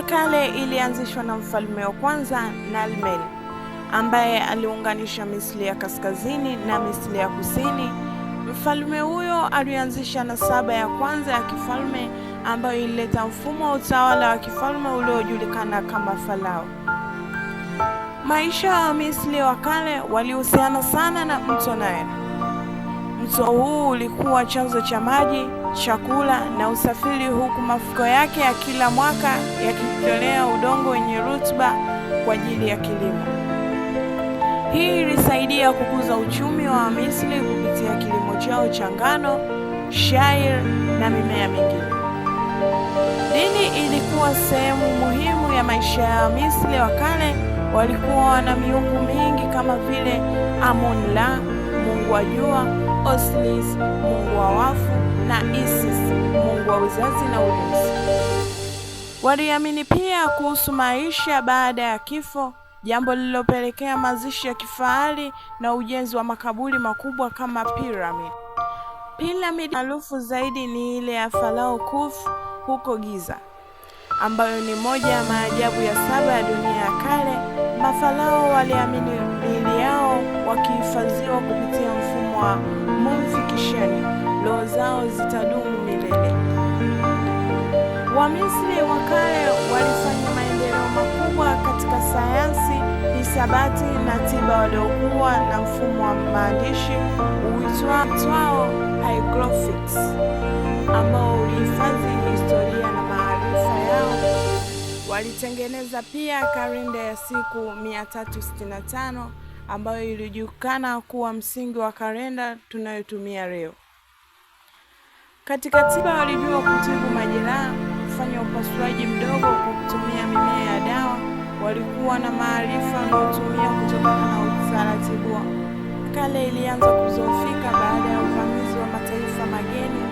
ya kale ilianzishwa na mfalme wa kwanza Nalmel ambaye aliunganisha Misri ya kaskazini na Misri ya kusini. Mfalme huyo alianzisha nasaba ya kwanza ya kifalme ambayo ilileta mfumo wa utawala wa kifalme uliojulikana kama Farao. Maisha ya Misri wa kale walihusiana sana na mto Nile. Mto huu ulikuwa chanzo cha maji, chakula na usafiri, huku mafuko yake ya kila mwaka yakitolea udongo wenye rutuba kwa ajili ya kilimo. Hii ilisaidia kukuza uchumi wa Misri kupitia kilimo chao cha ngano, shayiri na mimea mingine. Dini ilikuwa sehemu muhimu ya maisha ya Wamisri wa kale. Walikuwa wana miungu mingi kama vile Amon-Ra, mungu wa jua Osiris, mungu wa wafu, na Isis, mungu wa uzazi na ulinzi. Waliamini pia kuhusu maisha baada ya kifo, jambo lililopelekea mazishi ya kifahari na ujenzi wa makaburi makubwa kama piramidi. Piramidi maarufu zaidi ni ile ya Farao Khufu huko Giza, ambayo ni moja ya maajabu ya saba ya dunia ya kale. Mafarao waliamini miili yao wakihifadhiwa kupitia mfumo wa mumifikisheni, roho zao zitadumu milele. Wamisri wa kale walifanya maendeleo makubwa katika sayansi, hisabati na tiba, waliokuwa na mfumo wa maandishi uitwao hieroglyphics. Walitengeneza pia kalenda ya siku 365 ambayo ilijulikana kuwa msingi wa kalenda tunayotumia leo. Katika tiba walijua kutibu majeraha, kufanya upasuaji mdogo kwa kutumia mimea ya dawa. Walikuwa na maarifa wanayotumia kutokana na utaratibu wa kale. Ilianza kuzofika baada ya uvamizi wa mataifa mageni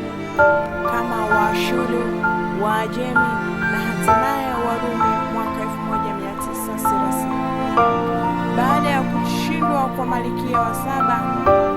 kama Waashuru, Waajemi na hatimaye Warumi mwaka 1930. Baada ya kushindwa kwa malikia wa saba